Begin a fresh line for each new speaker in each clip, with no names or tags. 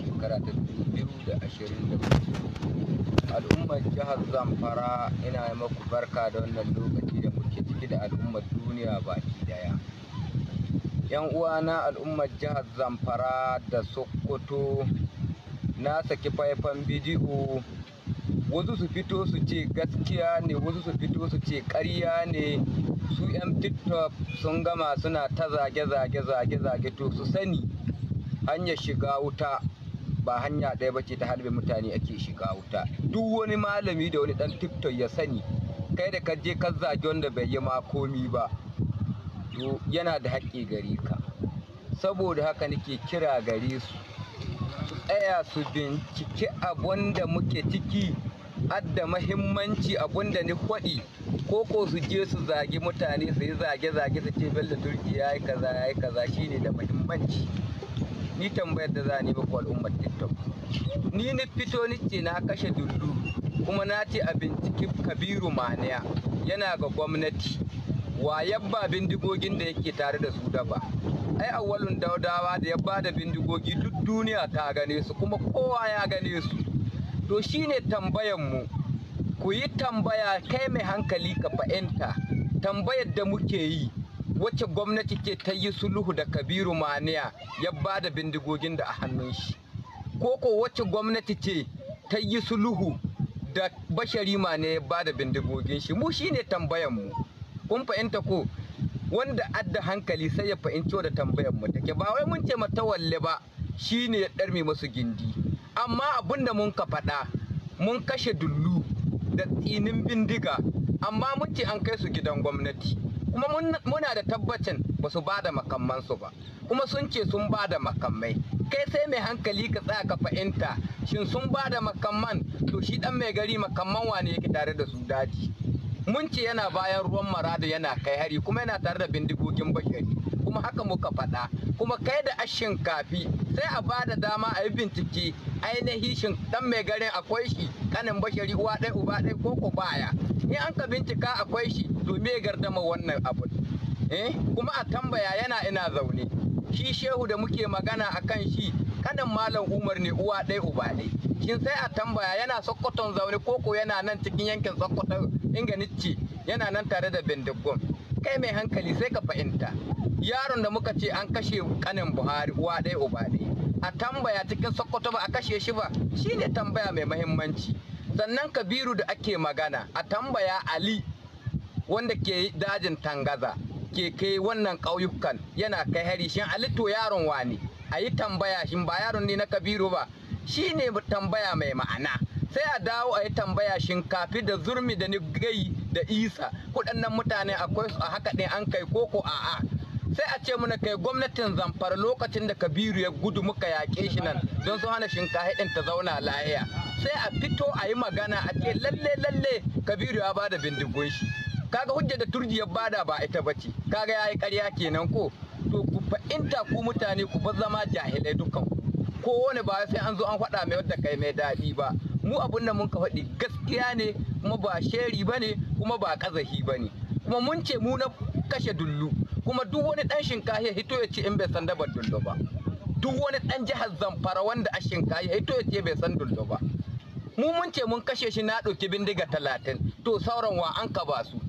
shekara ta 2024 al'ummar jihar zamfara ina maku barka da wannan lokaci da muke ciki da al'ummar duniya baki daya yan uwana al'ummar jihar zamfara da sokoto na saki faifan bidiyo wasu su fito su ce gaskiya ne wasu su fito su ce ƙarya ne su 'yan tiktok sun gama suna ta zage-zage zage-zage to su sani hanyar shiga wuta ba hanya ɗaya bace ta halbe mutane ake shiga wuta duk wani malami da wani ɗan tiktok ya sani kai da ka je ka zagi wanda bai yi makomi ba to yana da haƙƙi gare ka saboda haka nake kira gare su su tsaya su bincike abun da muke ciki adda mahimmanci abun da ni kwaɗi ko su je su zagi mutane su yi zage-zage su ce bello turki ya yi kaza ya yi kaza shine da mahimmanci ni tambayar da za ni ba al'ummar tiktok ni ni fito ni ce na kashe dundu kuma na ce a binciki kabiru maniya yana ga gwamnati wa yabba bindigogin da yake tare da su daba ba ai awalun daudawa da ya ba da bindigogi duk duniya ta gane su kuma kowa ya gane su to shine tambayan mu ku yi tambaya kai mai hankali ka fa'inta tambayar da muke yi wacce gwamnati ke ta yi sulhu da kabiru maniya ya ba da bindigogin da a hannun shi ko wacce gwamnati ce ta yi sulhu da bashari maniya ya ba da bindigogin shi mu shine tambayan mu kun fahimta ko wanda adda hankali sai ya fahimci da tambayan mu take ba wai mun ce matawalle ba shine ya darme masu gindi amma da mun ka faɗa mun kashe dullu da tsinin bindiga amma mun ce an kai su gidan gwamnati kuma muna da tabbacin ba su ba da makamansu ba kuma sun ce sun ba da makamai kai sai mai hankali ka tsaya ka fahimta shin sun ba da makaman to shi dan mai gari makamman wane yake tare da su daji mun ce yana bayan ruwan marada yana kai hari kuma yana tare da bindigogin bashari kuma haka muka faɗa kuma kai da ashin kafi sai a ba da dama a yi bincike ainihin shin dan mai garin akwai shi kanin bashari uwa ɗaya uba ɗaya ko baya in an ka bincika akwai shi to me gardama wannan abu eh kuma a tambaya yana ina zaune shi shehu da muke magana akan shi kanin malam umar ne uwa ɗaya uba ɗaya shin sai a tambaya yana sokoton zaune ko ko yana nan cikin yankin sokoto inganicci yana nan tare da bindigum kai mai hankali sai ka fahimta yaron da muka ce an kashe kanin buhari uwa ɗaya uba ɗaya a tambaya cikin sokoto ba a kashe shi ba shine tambaya mai mahimmanci sannan kabiru da ake magana a tambaya ali wanda ke dajin tangaza ke kai wannan ƙauyukan yana kai hari shin ali to yaron wani a yi tambaya shin ba yaron ne na kabiru ba shi ne tambaya mai ma'ana sai a dawo a yi tambaya shinkafi da zurmi da nigai da isa kuɗannan mutane akwai su a haka ne an kai koko a'a sai a ce muna kai gwamnatin zamfara lokacin da kabiru ya gudu muka yaƙe shi nan don su hana shinkafi ɗin ta zauna lahiya sai a fito a yi magana a ce lalle lalle kabiru ya bada bindigon shi kaga hujja da turji ya bada ba ita bace kaga yayi karya kenan ko to ku fa'inta ku mutane ku bar zama jahilai dukan wani ba sai an zo an faɗa mai wadda kai mai daɗi ba mu abun da mun ka faɗi gaskiya ne kuma ba sheri ba ne kuma ba ƙazahi ba ne kuma mun ce mu na kashe dullu kuma duk wani ɗan shinkahi ya hito ya ce in bai san dabar dullu ba duk wani ɗan jihar zamfara wanda a shinkahi ya hito ya ce bai san dullu ba mu mun ce mun kashe shi na ɗauki bindiga talatin to sauran wa an ka ba su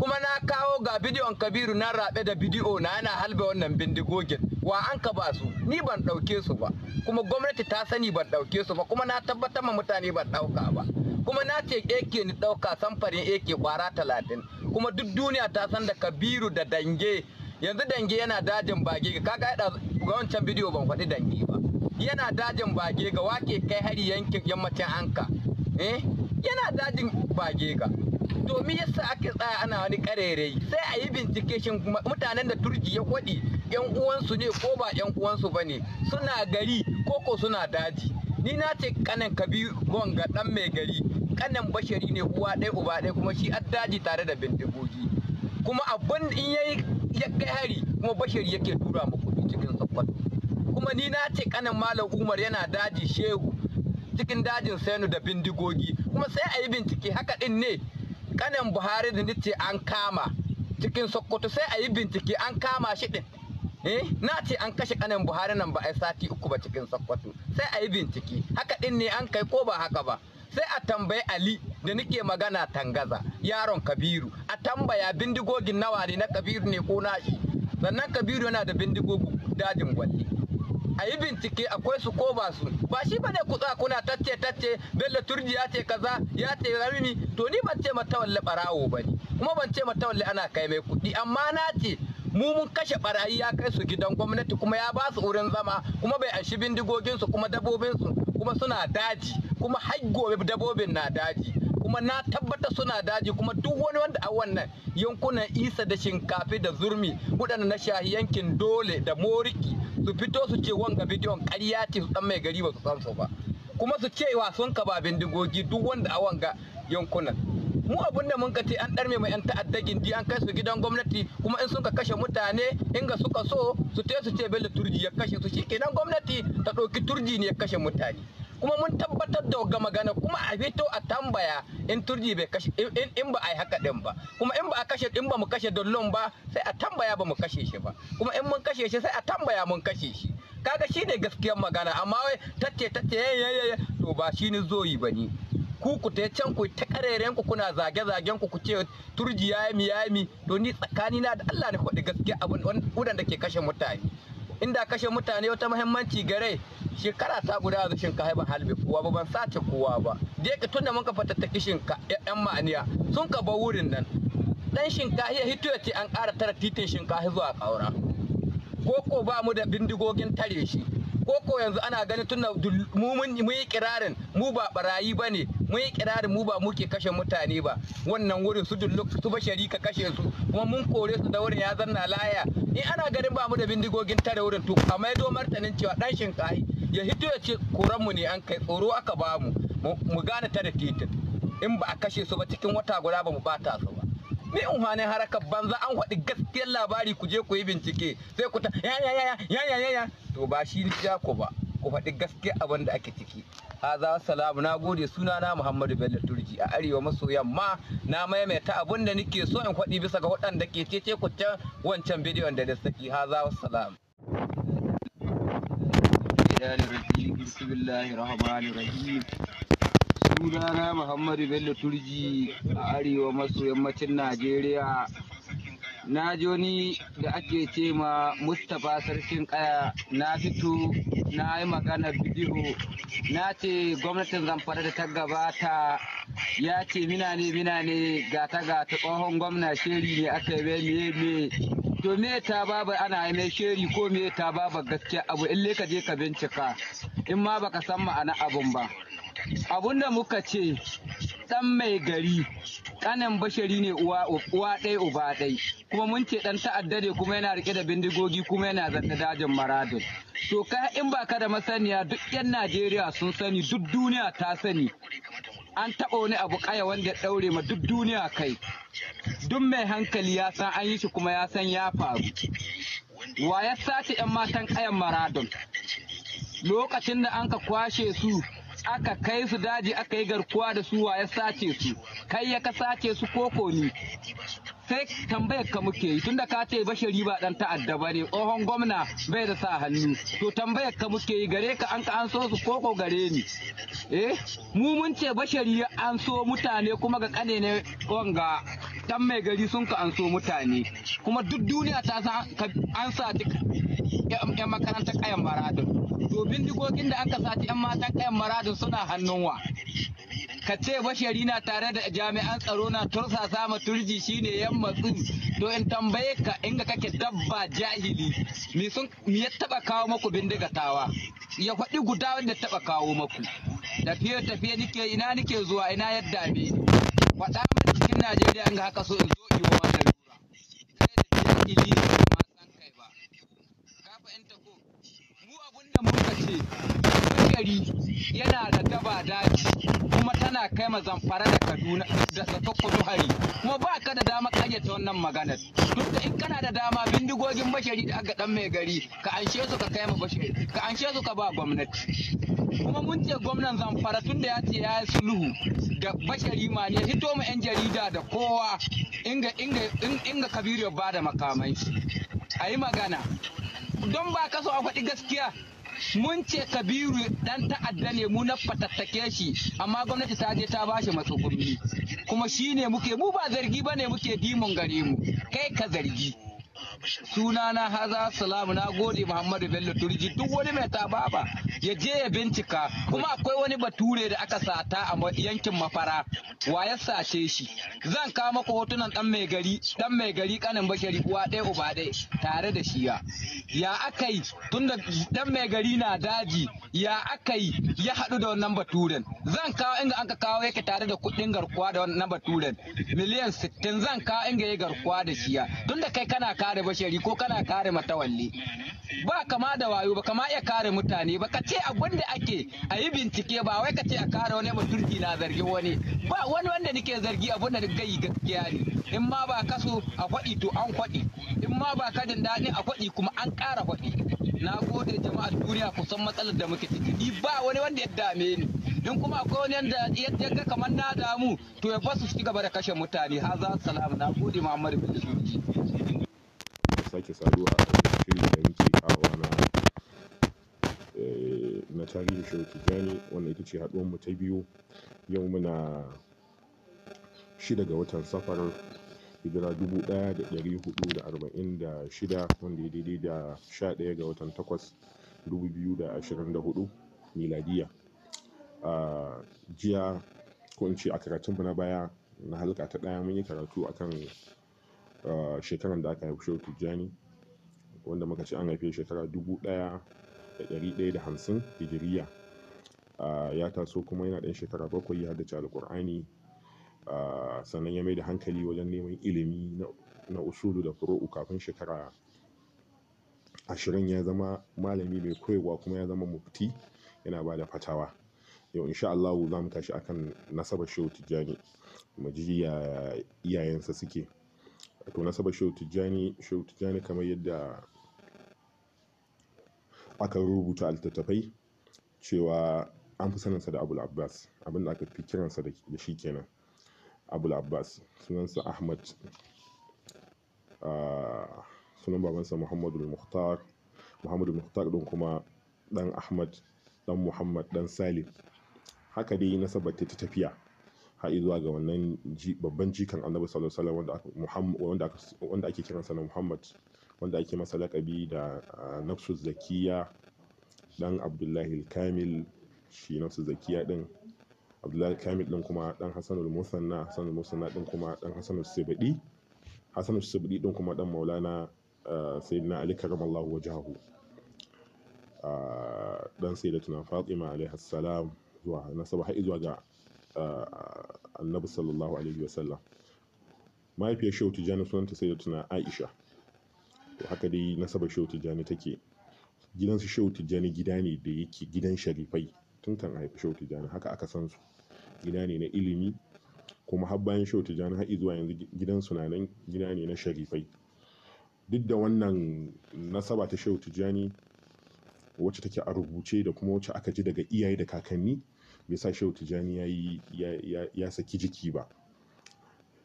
kuma na kawo ga bidiyon kabiru na rabe da bidiyo na yana halbe wannan bindigogin wa an ka ba su ni ban ɗauke su ba kuma gwamnati ta sani ban ɗauke su ba kuma na tabbatar ma mutane ban ɗauka ba kuma na ce ake ni ɗauka samfarin ake kwara talatin kuma duk duniya ta san da kabiru da dange yanzu dange yana dajin bage kaga yada ga wancan bidiyo ban faɗi dange ba yana dajin bage ga wake kai hari yankin yammacin anka eh yana dajin bage ga domin yasa ake tsaya ana wani karerai sai a yi bincike shin mutanen da turji ya kwaɗi yan uwansu ne ko ba yan uwansu bane suna gari ko ko suna daji ni na ce kanan kabiru gonga dan mai gari kanan bashari ne uwa ɗaya uba ɗaya kuma shi a daji tare da bindigogi kuma abin in yayi ya kai hari kuma bashari yake tura mu kuma ni na ce kanin malam umar yana daji shehu cikin dajin sainu da bindigogi kuma sai a yi bincike haka din ne kanin buhari da nace an kama cikin sokoto sai a yi bincike an kama shi din eh na ce an kashe kanin buhari nan ba a sati uku ba cikin sokoto sai a yi bincike haka din ne an kai ko ba haka ba sai a tambayi ali da nake magana tangaza yaron kabiru a tambaya bindigogin nawa ne na kabiru ne ko na shi sannan kabiru yana da bindigogi dajin gwalli a yi bincike akwai su ko ba su ba shi ba ne kutsa kuna tacce tacce bello turji ya ce kaza ya ce rarni to ni ban ce mata walle barawo ba ne kuma ban ce mata walle ana kai mai kuɗi amma na ce mu mun kashe barayi ya kai su gidan gwamnati kuma ya ba su wurin zama kuma bai anshi bindigoginsu kuma dabobinsu kuma suna daji kuma har gobe dabobin na daji kuma na tabbata suna daji kuma duk wani wanda a wannan yankunan isa da shinkafi da zurmi waɗanda na shahi yankin dole da moriki su fito su ce wanga bidiyon karya ce su ɗan mai gari ba su san su ba kuma su ce wa sun ka ba bindigogi duk wanda a wanga yankunan mu abin da mun kace an ɗarme mai yan ta'adda gindi an kai su gidan gwamnati kuma in suka kashe mutane in ga suka so su te su ce bello turji ya kashe su shi kenan gwamnati ta ɗauki turji ne ya kashe mutane kuma mun tabbatar da ga magana kuma a fito a tambaya in turji bai kashe in ba a yi haka din ba kuma in ba a kashe in ba mu kashe dollon ba sai a tambaya ba mu kashe shi ba kuma in mun kashe shi sai a tambaya mun kashe shi kaga shine gaskiyar magana amma wai tacce tacce yayaye eh, eh, eh, to ba shine zoyi bane ku ku ta can ku ta kareren ku kuna zage zagen ku ku ce turji yayi mi yayi mi to ni tsakani na da Allah ne faɗi gaskiya abin da ke kashe mutane inda kashe mutane wata muhimmanci gare shekara ta guda yanzu shinka haiban halbe kowa ba ban sace kowa ba da yake tunda mun ka fatattaki shinka yan ma'aniya sun ka ba wurin nan dan shinka ya hito ce an ƙara tara titin shinka zuwa ƙaura ko ko ba mu da bindigogin tare shi koko yanzu ana ganin tun mu mun yi kirarin mu ba barayi ba ne mu yi kirarin mu ba muke kashe mutane ba wannan wurin su dulluk su ba kashe su kuma mun kore su da wurin ya zanna laya in ana ganin ba mu da bindigogin tare wurin to a maido martanin cewa dan shinkahi ya hito ya ce koran mu ne an kai tsoro aka ba mu mu gane da titin in ba a kashe su ba cikin wata guda ba mu bata su ni in hane harakar banza an faɗi gaskiyar labari ku je ku yi bincike sai ku ta ya ya ya ya to ba shi ja ku ba ku faɗi gaskiya abin da ake ciki haza salamu na gode suna na muhammadu bello turji a arewa maso yamma na maimaita abin da nike so in faɗi bisa ga waɗanda ke cece ku can wancan bidiyon da da saki haza salam بسم الله الرحمن الرحيم sunana muhammadu
bello turji a arewa maso yammacin najeriya na joni da ake ce ma mustapha sarkin kaya na fito na yi magana bidiyo na ce gwamnatin zamfara da ta gabata ya ce mina ne mina ne gata gata tsohon gwamna sheri ne aka yi me to me ta babu ana yi mai sheri ko me ta babu gaskiya abu in ka je ka bincika in ma baka san ma'ana abun ba da muka ce dan mai gari kanan bashari ne uwa ɗai uba ɗai kuma mun ce ɗan ta'adda ne kuma yana rike da bindigogi kuma yana zata dajin maradin to ka in ba da masaniya duk yan najeriya sun sani duk duniya ta sani an taɓa wani abu ƙaya wanda ya ɗaure ma duk duniya kai duk mai hankali ya san an yi shi kuma ya san ya faru wa ya sace 'yan matan ƙayan maradon lokacin da an ka kwashe su aka kai su daji aka yi garkuwa da su wa ya sace su kai ya ka sace su koko ni sai tambayar ka muke yi tunda ka ce bashari ba dan ta'adda ba ne tsohon gwamna bai da sa hannu to tambayar ka muke yi gare ka an ka an so su koko gare ni eh mu mun ce bashari an so mutane kuma ga kane ne wanga dan mai gari sun ka an so mutane kuma duk duniya ta san an sa 'yan makarantar kayan maradin to bindigogin da aka sati 'yan matan kayan maradin suna hannun wa ka ce bashari na tare da jami'an tsaro na tursa ma turji shine yan matsu to in tambaye ka inga kake dabba jahili me sun me ya taba kawo maku bindigatawa ya faɗi guda wanda taba kawo maku tafiye tafiye nike ina nike zuwa ina yadda ne faɗa mana cikin Najeriya in ga haka so in zo yi wannan wanda muka ce gari yana da daba daji kuma tana kai ma zamfara da kaduna da hari kuma ba ka da dama kayyata wannan magana. duk da in kana da dama bindigogin bashari da aka dan mai gari ka anshe su ka kai ma bashari ka anshe su ka ba gwamnati kuma mun ce gwamnan zamfara tun da ya ce ya yi sulhu da bashari ma ne hito mu yan jarida da kowa inga inga inga kabiru ba da makamai a yi magana don ba ka so a faɗi gaskiya mun ce kabiru dan ta'adda ne mu na fatattake shi amma gwamnati ta je ta bashi matsugumi kuma shine muke mu ba zargi bane muke dimon gare mu kai ka zargi sunana na haza salamu na gode muhammadu bello turji duk wani mai baba ya je ya bincika kuma akwai wani bature da aka sata a yankin mafara wa ya sace shi zan kawo maka hotunan dan mai gari dan mai gari kanin bashari uwa ɗaya uba ɗaya tare da shi ya aka yi tunda dan mai gari na daji ya aka yi ya haɗu da wannan baturen zan kawo inga an ka kawo yake tare da kuɗin garkuwa da wannan baturen miliyan sittin zan kawo inga ya garkuwa da shi tunda kai kana kare bashi bashari ko kana kare matawalli ba kama da wayo ba kama ya kare mutane ba ka ce abin da ake a yi bincike ba wai ka ce a kare wani ba turki na zargi wani ba wani wanda nake zargi abin da gai gaskiya ne in ma ba kaso a kwaɗi to an kwaɗi in ma ba ka jin daɗi a kwaɗi kuma an ƙara kwaɗi na gode jama'ar duniya ku san matsalar da muke ciki ni ba wani wanda ya dame ni in kuma akwai wani wanda ya ga kamar na damu to ya basu su ci gaba da kashe mutane za su salamu na gode muhammadu bin
sake saduwa a wani shiri da muke kawowa na, eh, na tarihi Shehu Tijjani. Wannan ita ce haɗuwar mu ta biyu. Yau muna shida ga watan Safar hijira dubu ɗaya da ɗari huɗu da arba'in da shida wanda ya daidai da sha ɗaya ga watan Takwas dubu biyu da ashirin da hudu miladiya. A jiya ko in ce a karatunmu na baya na halka ta ɗaya mun yi karatu akan shekaran da aka haifi Shehu Tijjani wanda muka ce an haife shekara dubu ɗaya da ɗari ɗaya da hamsin hijiriya ya taso kuma yana ɗan shekara bakwai ya haddace alƙur'ani sannan ya mai da hankali wajen neman ilimi na usulu da furo'u kafin shekara ashirin ya zama malami mai koyarwa kuma ya zama mufti yana ba da fatawa yau insha Allahu za mu tashi akan nasabar Shehu Tijjani mu ji iyayensa suke wato saba shehu tijjani shehu tijjani kamar yadda aka rubuta littattafai cewa an fi saninsa da abul abbas abinda aka fi kiransa da shi kenan abul abbas sunansa ahmad ah, sunan babansa muhammadu muhtar muhammadu muhtar din kuma dan ahmad dan muhammad dan salim haka dai nasabar ta tafiya har zuwa ga wannan babban jikan annabi sallallahu alaihi wasallam wanda wanda ake kiransa na Muhammad wanda ake masa lakabi da nafsu zakiya dan Abdullahi kamil shi nafsu zakiya din Abdullahi kamil din kuma dan al Musanna al Musanna din kuma dan al-sibadi hasan al-sibadi din kuma dan Maulana Sayyidina Ali karramallahu wajahu dan Sayyidatuna Fatima alaihi salam zuwa nasaba har zuwa ga annabi sallallahu alaihi wasallam mahaifiyar shehu Jani sunanta sai da tuna aisha to haka dai nasaba shehu tijjani take gidansu shehu Jani gida ne da yake gidan sharifai tun kan haifi shehu Jani haka aka san su gida ne na ilimi kuma har bayan shehu tijjani har zuwa yanzu gidansu na nan gida ne na sharifai duk da wannan nasaba ta shehu Jani wacce take a rubuce da kuma wacce aka ji daga iyaye da kakanni bai sa shehu tijjani ya yi ya saki jiki ba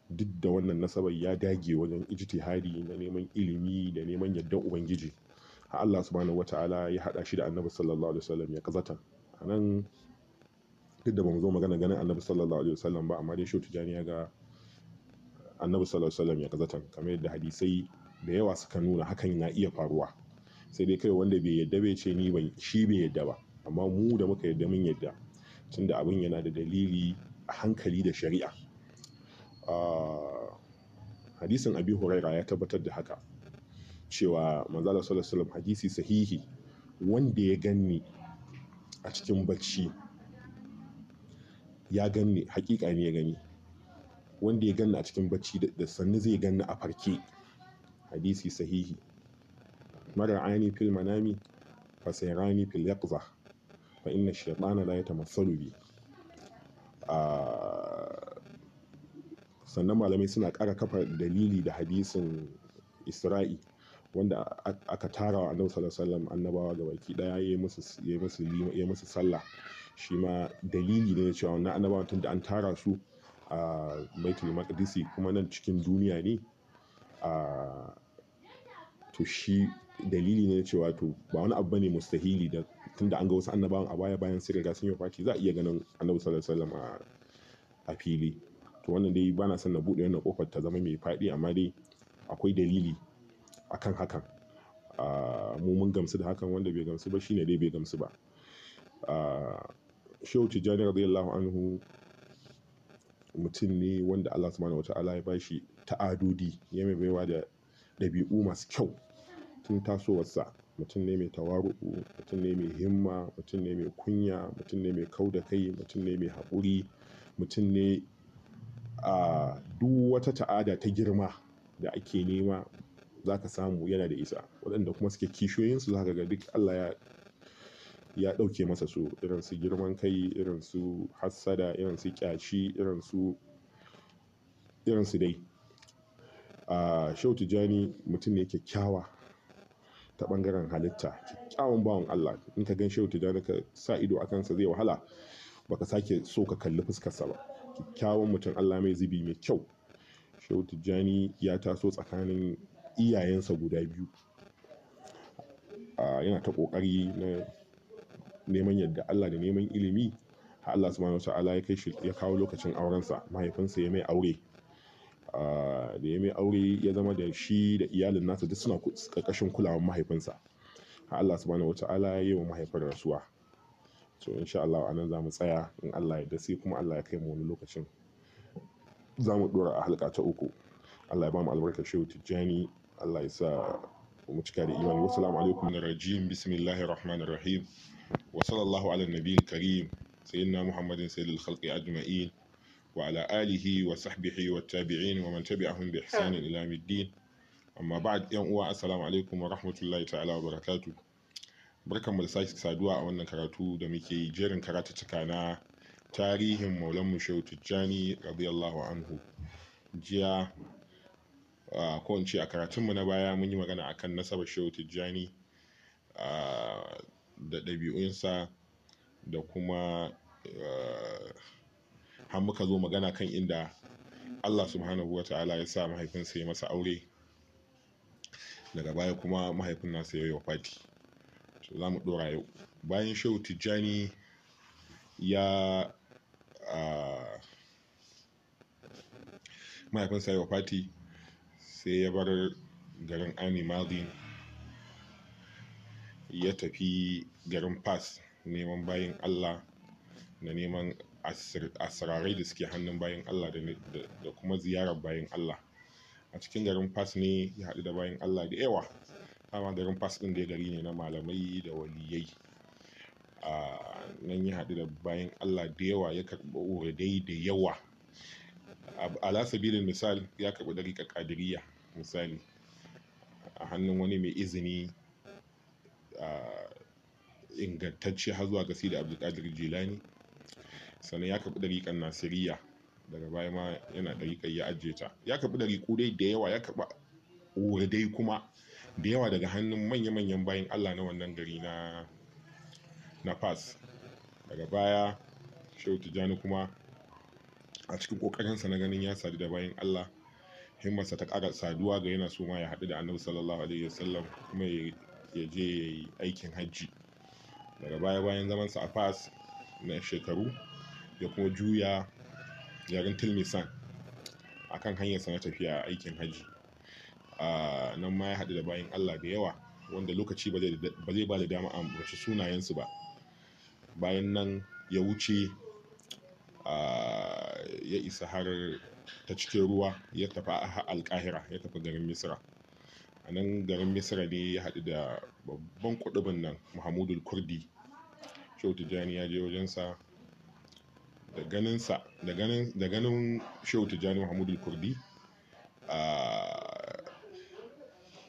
duk da wannan nasabar ya dage wajen ijtihadi da neman ilimi da neman yadda ubangiji har Allah subhanahu wataala ya hada shi da annabi sallallahu alaihi wasallam ya kazata anan duk da bamu zo magana ganin annabi sallallahu alaihi wasallam ba amma dai shehu jani ya ga annabi sallallahu alaihi wasallam ya kazata kamar yadda hadisai da yawa suka nuna hakan na iya faruwa sai dai kai wanda bai yadda bai ce ni ban shi bai yadda ba amma mu da muka yadda mun yadda tunda abin yana da dalili a hankali da shari'a. Ah, hadisin Abi Huraira ya tabbatar da haka cewa Manzon Allah Sallallahu hadisi sahihi wanda ya ganni a cikin bacci ya ganni hakika ne ya gani wanda ya ganni a cikin bacci da sannu zai ganni a farke hadisi sahihi mara aini fil manami fasairani fil yaqza fa inna shaytana la yatamassalu bi ah, sannan malamai suna ƙara kafa dalili da hadisin isra'i wanda aka tara wa annabi sallallahu alaihi wasallam annabawa ga baki daya yayi musu yayi musu yayi musu sallah shi ma dalili ne cewa wannan annabawa tun da an tara su a baitul maqdisi kuma nan cikin duniya ne a to shi dalili ne cewa to ba wani abu bane mustahili da tunda an ga wasu annabawan a baya bayan sun sun yi faki za a iya ganin annabi sallallahu alaihi wasallam a fili to wannan dai bana son na buɗe wannan kofar ta zama mai faɗi amma dai akwai dalili akan hakan mu mun gamsu da hakan wanda bai gamsu ba shine dai bai gamsu ba shehu tijjani radiyallahu anhu mutum ne wanda Allah subhanahu wata'ala ya bashi ta'adudi ya mai baiwa da ɗabi'u masu kyau tun tasowarsa mutum ne mai tawaru'u, mutum ne mai himma, mutum ne mai kunya, mutum ne mai kau da kai, mutum ne mai haƙuri, mutum ne, a duk wata ta'ada ta girma da ake nema za ka samu yana da isa Waɗanda kuma suke kishiyoyinsu za ka ga duk Allah ya, ya ɗauke masa su. Irin su girman kai, irin su hassada, irin su ƙyashi, irin su, irin su dai. a shautu jani mutum ne kyakkyawa. ta bangaren halitta kyawun bawan Allah in ka gan shehu tijjani ka sa ido a kansa zai wahala baka sake so ka kalli fuskarsa ba kyakkyawan mutum Allah mai zubi mai kyau shehu tijjani ya taso tsakanin iyayensa guda biyu yana ta kokari na neman yadda Allah da neman ilimi Allah subhanahu wa ta'ala ya kai shi ya kawo lokacin aurensa mahaifinsa ya mai aure da ya mai aure ya zama da shi da iyalin nasa duk suna ƙarƙashin kulawar mahaifinsa ha Allah subhanahu wata'ala ya yi wa mahaifin rasuwa to insha Allah anan za mu tsaya in Allah ya dasi kuma Allah ya kai mu wani lokacin za mu dora a halka ta uku Allah ya ba mu albarkar shehu tijjani Allah ya sa mu cika da imani wassalamu alaikum na rajim bismillahir rahmanir rahim wa sallallahu ala nabiyil karim sayyidina muhammadin sayyidil khalqi ajma'in وعلى آله وصحبه والتابعين ومن تبعهم بإحسان إلى يوم الدين amma ba yan uwa assalamu wa rahmatullahi ta'ala wa barakatu mu da sake saduwa a wannan karatu da muke jerin karatuttuka na tarihin maulan mu shehu tijjani radiyallahu anhu jiya ko ce a karatunmu na baya mun yi magana akan nasabar shehu tijjani da ɗabi'unsa da kuma har muka zo magana kan inda Allah subhanahu wa ta'ala ya sa mahaifinsa ya masa aure daga baya kuma mahaifin nasa ya yi wafati to za mu ɗora yau bayan shehu tijjani ya mahaifinsa ya yi wafati sai ya bar garin ani ya tafi garin fas neman bayin allah da neman asirarai da suke hannun bayan Allah da kuma ziyarar bayan Allah a cikin garin fas ne ya haɗu da bayan Allah da yawa dama garin fas ɗin ya gari ne na malamai da waliyai a nan ya haɗu da bayan Allah da yawa ya karɓi uradai da yawa ala sabilin misal ya karɓi dariƙa ƙadiriya misali a hannun wani mai izini ingantacce har zuwa gasi da abdulkadir jilani sannan ya karɓi ɗariƙar nasiriya daga baya ma yana ɗariƙar ya ajiye ta ya karɓi ɗariƙu dai da yawa ya karɓi dai kuma da yawa daga hannun manya-manyan bayan allah na wannan gari na na fas daga baya shehu tijjani kuma a cikin ƙoƙarinsa na ganin ya sadu da bayan allah himmarsa ta ƙara saduwa ga yana so ma ya haɗu da annabi sallallahu alaihi wasallam kuma ya je aikin hajji daga baya bayan zamansa a fas na shekaru ya kuma juya garin tilmisan a kan hanyarsa na tafiya aikin hajji nan ma ya haɗu da bayan allah da yawa wanda lokaci ba zai ba da dama a ambaci sunayensu ba bayan nan ya wuce ya isa har ta cikin ruwa ya tafi alkahira ya tafi garin misra a nan garin misra ne ya haɗu da babban kudubin nan muhammadu kurdi kyautu jani ya je wajensa da ganin sa da ganin da Shehu Tijjani Muhammadu Kurdi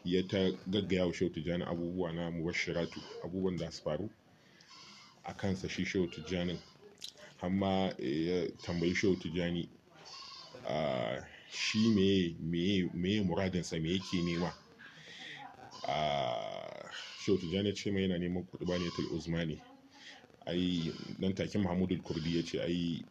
ya ta gaggaya wa Shehu Tijjani abubuwa na mubashiratu abubuwan da su faru a kansa shi Shehu tijjani amma eh, ya tambayi Shehu Tijjani shi meye meye muradinsa me yake nema Shehu Tijjani ce mai yana neman kuɗi ba ne tal uzma ai ɗan take mahmudul Kurdi ya ce ai